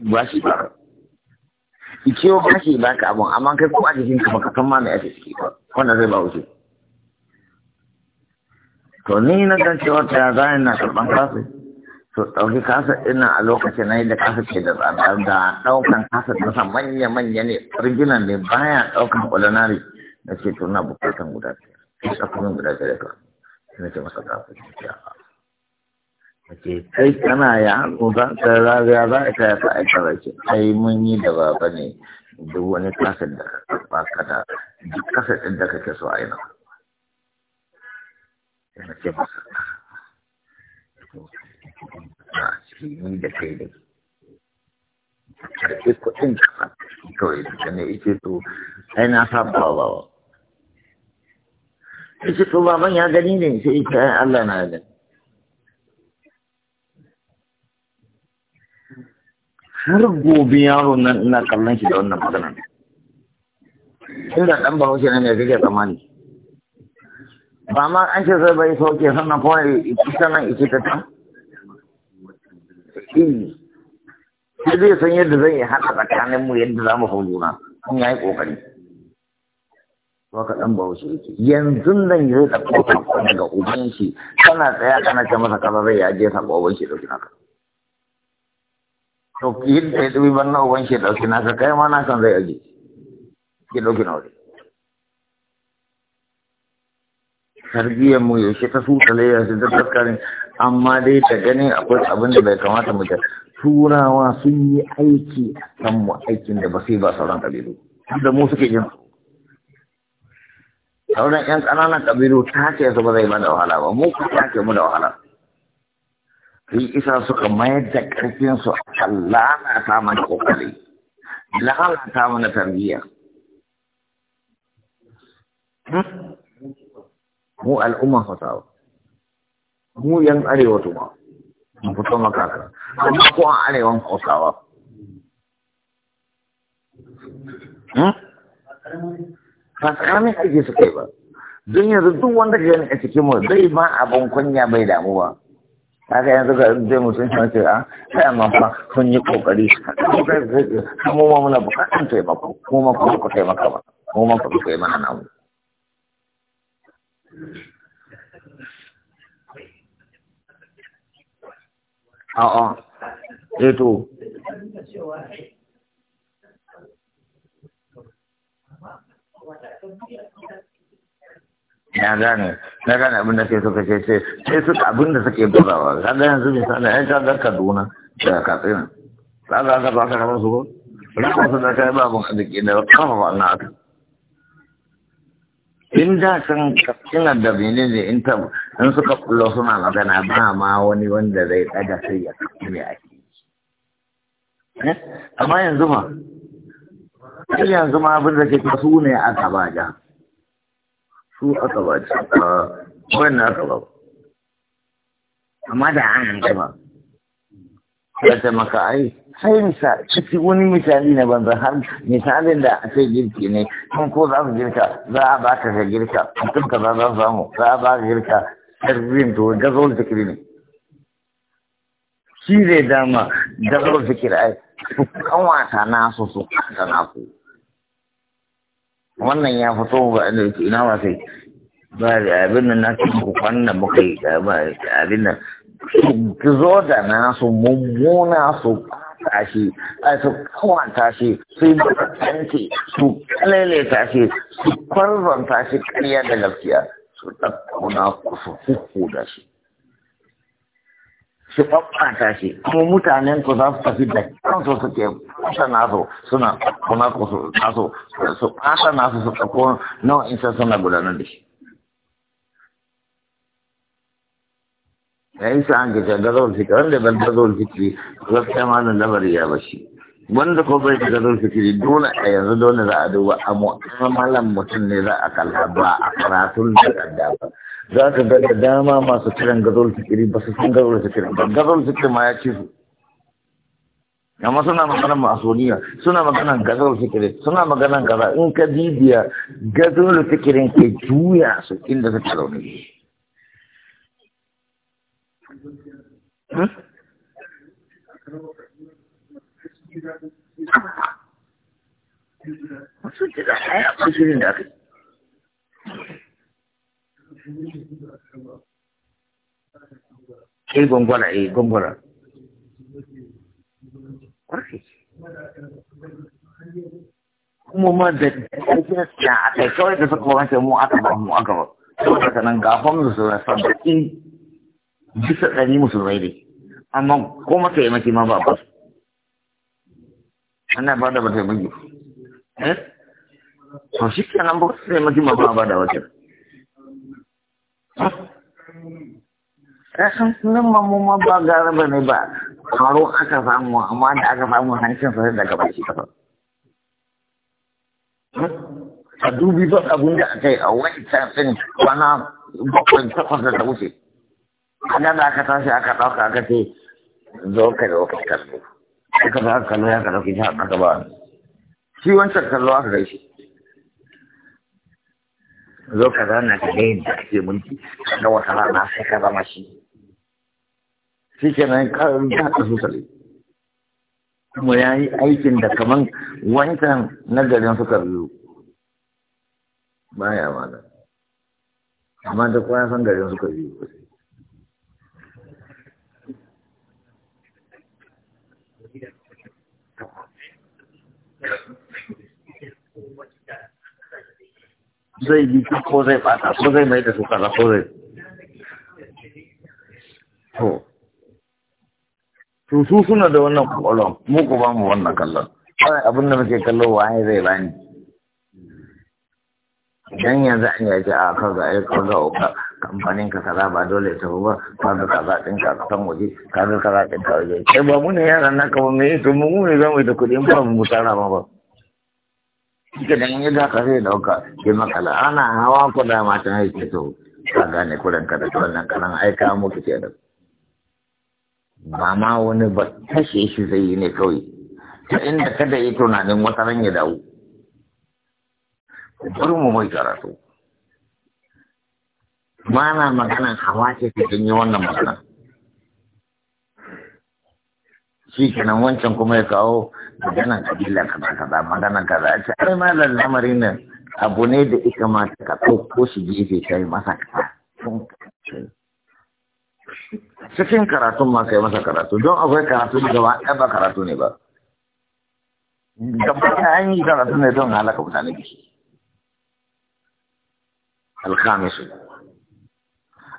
ba shi ba ikiyo ba shi ba ka abun amma kai kuma a jikin ka baka san ma me ake ciki ba wannan zai ba wuce to ni na kan cewa ta za na karban kasa to ɗauki kasa ina a lokacin na da kasa ce da tsada da ɗaukan kasa ɗansa manya-manya ne riginan ne baya ɗaukan ƙulanari na ce to na bukatan guda biyar sai ɗaukan guda biyar ka sai na ce masa kasa ce ce kai kana yaro za ka rariya za ka yi fa'aikar rake ai mun yi da baba ne duk wani kasar da ka karɓa ka da duk kasar ɗin da kake so a yi na yana ce masa na cikin da kai da karɓi kuɗin kasa kawai da ne ike to ai na sa ba ba ba ike to baban ya gani ne sai ita Allah na gani har gobe yaro nan ina kallon shi da wannan maganar inda dan bahaushe ne mai kake tsammani ba ma an ce sai bai sauke sannan kuma ita nan ita ta ta sai zai san yadda zai haɗa tsakanin mu yadda za mu hau in ya yi ƙoƙari. Ba ka dan bahaushe yake yanzu nan zai ɗauko daga uban shi kana tsaya kana ce masa kaza zai yaje sa ba shi da naka. to yadda ya ɗabi ban na uban shi ɗauki naka kai ma na kan zai aje ki ɗauki na wuri tarbiyyar mu yaushe ta suka lera su da taskarin amma dai ta gani akwai abin da bai kamata mu ta turawa sun yi aiki a kan mu aikin da ba sai ba sauran kabilu da mu suke jin sauran yan ƙananan kabilu ta ce su ba mana wahala ba mu ku mu da wahala sai isa suka mayar da ƙarfinsu a kan lalata mana ƙoƙari lalata mana tarbiyya mu al'umma fasawa mu yan arewa tuma mu fito makaka amma ko an arewan hausawa hmm? ba tsakanin aiki su kai ba don yanzu duk wanda ke a cikin mu zai ma abin kunya bai damu ba kaga yanzu ga zai mutum shi ce a ah, sai amma fa kun yi kokari mu ma muna bukatun taimako mu ma kuma ku taimaka ba mu ma ku kai mana namu a'a eh to ya gane na gane abin da ke suka ce ce sai suka abin da suke bugawa kaga yanzu misali ai zarka duna da Katsina za aka ba ka rabar su ko rabar sun da kai ba mun ke da kafa ba na ta in da can kina da Benin ne in ta in suka kullo suna magana ba ma wani wanda zai daga sai ya ne ake eh? amma yanzu ma yanzu ma abin da ke su ne a gaba jihar su aka ba ci wannan aka ba amma da an ba ya ta maka ai sai misa ciki wani misali na banza har misalin da a sai girki ne kuma ko za su girka za a ba ka girka mutum ka za za samu za a ba ka girka karfin to gazawar zikiri ne shi zai dama gazawar zikiri ai su kan wasa na su su kan na wannan ya fito ba da ina ma sai ba da abin nan na ci ku da muka yi abin nan ki zo da nasu mummuna su tashi a su kawanta shi su yi kanti su kalele tashi su kwarzon tashi karya da gaskiya su ɗaɗɗauna ku su hukku da shi su ɓaɓɓata shi kuma mutanen ku za su tafi da kansu suke kusa nasu suna kuna ku su nasu su ɓata nasu su ɗauko nau'in sa suna gudanar da shi. Ya yi sa'an ga shagarar fikiri wanda ban gazawar fikiri gaskiya da labari ya shi, Wanda ko bai da gazawar fikiri dole a yanzu dole za a duba a mu'amalan mutum ne za a kalla ba a karatun da ba. za ka ga da dama masu kiran gazol fikiri ba su san gazol fikirin ba gazol fikirin ma ya ce su amma suna maganan masoniya suna maganan gazol fikirin suna maganan kaza in ka bibiya gazol fikirin ke juya su inda suke zaune Masu hmm? jira, ai, akwai shirin da aka yi. Eh gongora, eh gongora. Kuma ma da ƙarfin ya a kai kawai da suka mu aka ba mu aka ba. Saboda ka nan gafan su suna sabbin bisa ɗari musulmai ne. Amma ko maka yi maki ma ba ba. Ana ba da ba ta yi maki. Eh? To shi kenan ba su yi maki ma ba ba da wajen. Rashin sunan ma ba gara ba ne ba, faro aka samu amma da aka samu hancin sa daga baki kafa. A dubi ba abun da aka yi a wani tafin kwana bakwai takwas da ta wuce. Ana da aka tashi aka ɗauka aka ce zo ka da wakil kallo. Aka ta kallo ya ka ɗauki ta ɗaga ba. Shi wancan kallo aka gaishe. zo ka zana ka ga da ake mulki na wata rana sai ka zama shi shi ke nan karin da suka yi. kuma ya yi aikin da kaman wancan nagarin suka biyu baya ma da amma da kwayan san garin suka biyu zai yi ko zai bata ko zai mai da su kaza ko zai to to su suna da wannan kwallon mu ku ba mu wannan kallon kawai abin da muke kallo waye zai bani idan yanzu an yaji a ah, ga eh, ai ga oka oh, kamfanin ka kaza ba dole ta ba ga kaza din ka san waje ga kaza din ka waje sai ba mu ne yaran naka ba me to mu ne zamu da kudin ba mu tara ba ba Ike da yanzu haka zai dauka ke makala ana hawa ku da matan haike to ka gane kuren ka da wannan kanan aika muku kike da ba ma wani ba tashe shi zai yi ne kawai ta inda kada yi tunanin wata ran ya dawo bari mu mai karatu mana magana hawa ce ta janyo wannan magana. shi kenan wancan kuma ya kawo maganan kabila kaza kaza maganan kaza a ce ai da lamarin nan abu ne da ita ma ta kaɗo ko su shi gefe kai masa kaza cikin karatu ma kai masa karatu don akwai karatu da ba ɗan ba karatu ne ba gaba ɗaya an yi karatu ne don halaka mutane da shi alkhamisu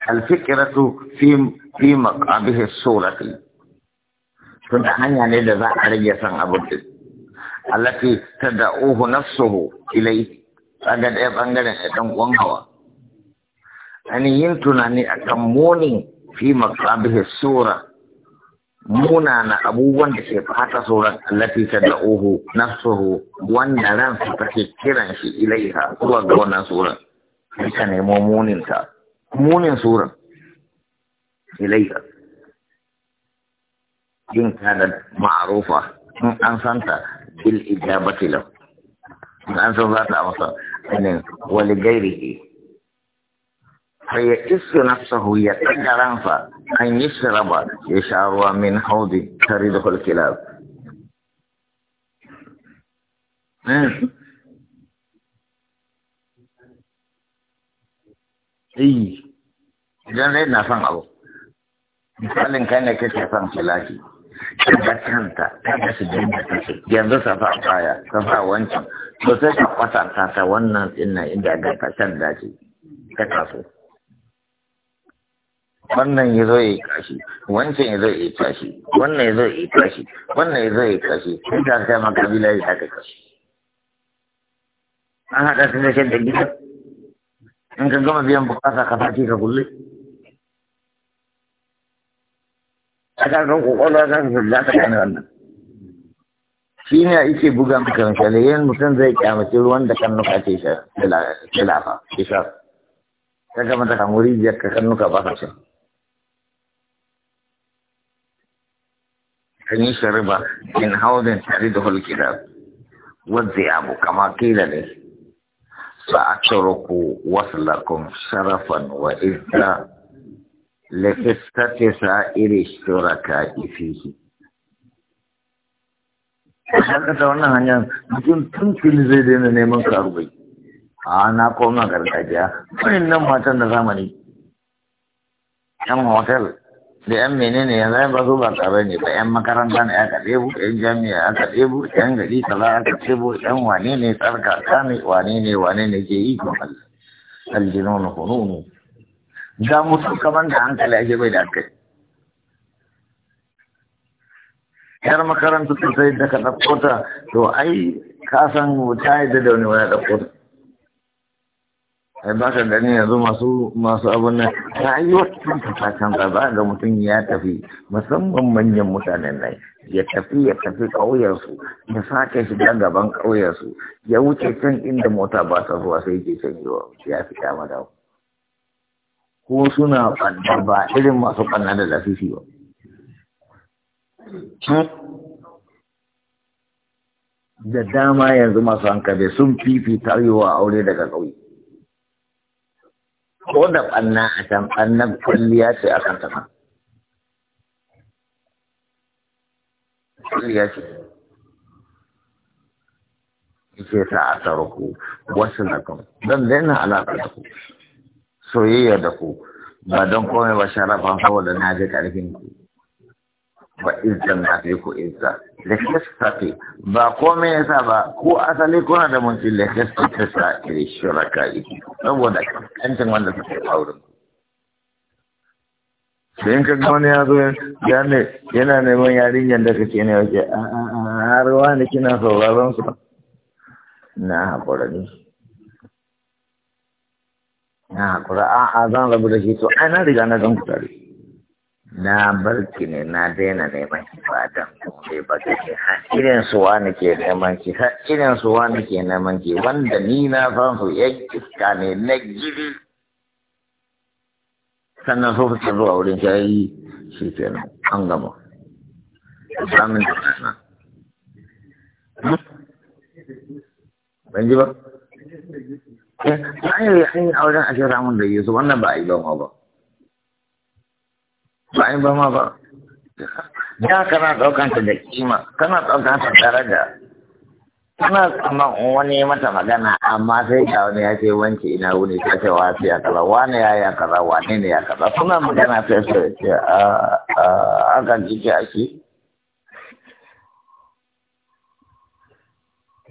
الفكرة في في مقابه الصورة tun da hanya ne da za a rage san abin din allati tad'uhu nafsuhu ilai daga ɗaya bangaren a dan uwan hawa ani yin tunani akan munin fi maqabihi sura munana abubuwan da ke fata sauran allati tad'uhu nafsuhu wanda ran su take kiran shi ilaiha zuwa ga wannan suran sai ka nemo munin ta munin suran ilaiha إن كانت معروفة أن سنت بالإجابة له أن ذات أمصر ولغيره فيئس نفسه يتجرنف أن يشرب يشعر من حوض تريده الكلاب إي إذا rai na أبو abu كان kai ne kake son ta ga kanta ta ga su jin da take yanzu ta fa baya ta fa wancan to sai ta kwatanta ta ta wannan din nan inda ga ta can dace ta kaso wannan ya zo ya yi kashi wancan ya zo ya yi kashi wannan ya zo ya yi kashi wannan ya zo ya yi kashi sai ta kai ma kabila ya haka kashi an haɗa su da shan da gida in ka gama biyan bukata ka fati ka kulle a kan kan kwakwalwa za ta gane wannan shi ne ake buga maka misali yin mutum zai kyamaci ruwan da kan nuka ce shilafa shishar ta gama ta kan wuri ka kan nuka ba ka shan kan yi shariba in haudin tare da hulkida wadda abu kama kila ne sa'aturuku wasu lakon sharafan wa لخفتة سائر الشركاء فيه haka ta wannan hanyar mutum tun fili zai daina neman karuwai a na koma gargajiya wani nan matan da zamani yan hotel da yan menene yanzu ba su ba tsaro ne ba yan makaranta ne aka ɗebo yan jami'a aka ɗebo yan gari kaza aka ɗebo yan wane ne tsarka ne wane ne ke yi ga mutum kamar da hankali ake bai da kai yar makaranta sosai da ka ɗauko ta to ai ka san ta yi da wani wani ɗauko ai ba ka gani yanzu masu masu abin nan wata kanta ta canza ba ga mutum ya tafi musamman manyan mutanen nan ya tafi ya tafi ƙauyensu ya sake shiga gaban ƙauyensu ya wuce can inda mota ba ta zuwa sai ke can ya fi kama ko suna ɓanna ba irin masu ɓanna da lafifi ba. Da dama yanzu masu hankali sun fifita yiwa aure daga ƙauye. Ko da ɓanna a can ɓanna kwalliya ce a kan tafa. Kwalliya ce. Ike ta a tsaro ku wasu na kan. Don daina alaƙa da ku. soyayya da ku ba don komai ba sharafan saboda na ji karfin ku ba izza na fi ku izza lekestati ba komai yasa ba ko asali kuna da munci lekestati sa iri shuraka yi saboda kancin wanda suke auren sai in kaga wani yazo ya ne yana neman yarinyar da kake ne wace a a a har a kina sauraron su na haƙura a na haƙura a a zan rabu da shi to ai na riga na zan kutare na barki ne na daina neman ki ba dan kuma ba ki ne, ha irin su wani ke neman ki ha irin su wani ke neman ki wanda ni na san su yan iska ne na gidi sannan so fice zuwa wurin shayi shi kenan an gama samun da kana ban ji ba ai an yi auren a shirya mun da Yesu wannan ba a yi ba ma ba ba a ba ya kana ɗaukan ta da kima kana ɗaukan ta daraja kana tsaman wani mata magana amma sai ga wani ya ce wance ina wuni ta ce ya kaza wani ya ya kaza wani ne ya kaza suna magana sai su ce a a kan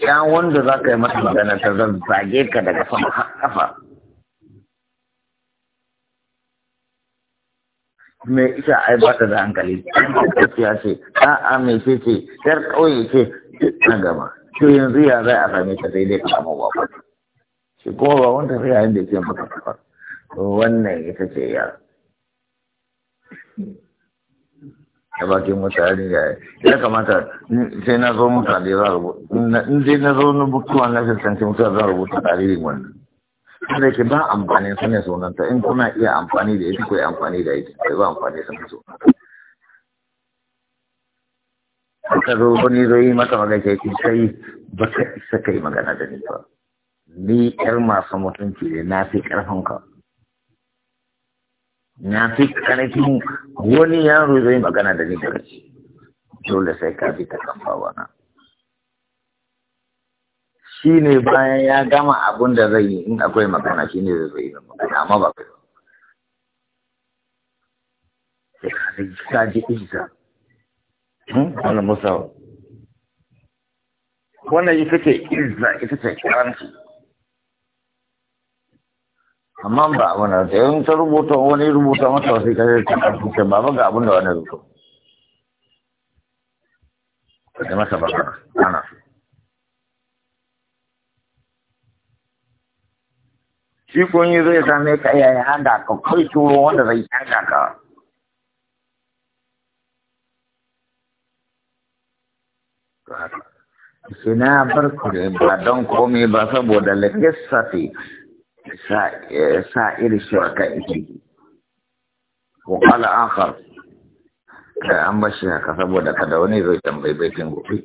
ya wanda za ka yi masa magana ta zan zage ka daga sama har kafa me isa ai ba ta da hankali ya ce a'a me ce ce yar kauye ce na gaba to yanzu ya zai a same ta daidai dai samu ba shi kuma ba wanda zai yayin da ke maka kafa wannan ita ce ya da bakin mutane da ya kamata sai na zo mutane za rubuta in sai na zo na bukuwa na fuskanci mutane za rubuta tarihin wannan da ke ba amfani sune sunanta in kuna iya amfani da ita ko amfani da ita bai ba amfani sun so ka zo wani zo yi mata magana ke sai ba ka isa kai magana da ni ba ni yar masu mutunci ne na fi karfin ka na fi ƙarfin wani yaro zai magana da ni da rashi dole sai ka bi ta kafa wana shi ne bayan ya gama abun da zai yi in akwai magana shi ne zai yi magana amma ba kai sai ka ji izza hmm? wannan musawa wannan ita ce izza ita ce karanci amma ba a abin da in ta rubuta wani rubuta mata wasu kare ta kafin ba ba ga abin da wani rubuta da masa bakara ana shi kun yi zai same ka iya yi hanga ka kai turo wanda zai hanga ka Sina barku da ba don komai ba saboda safi Eh, sa iri shirka ita ke ko ala akar ka an ba shi haka saboda kada wani zai tambayi bakin gobe?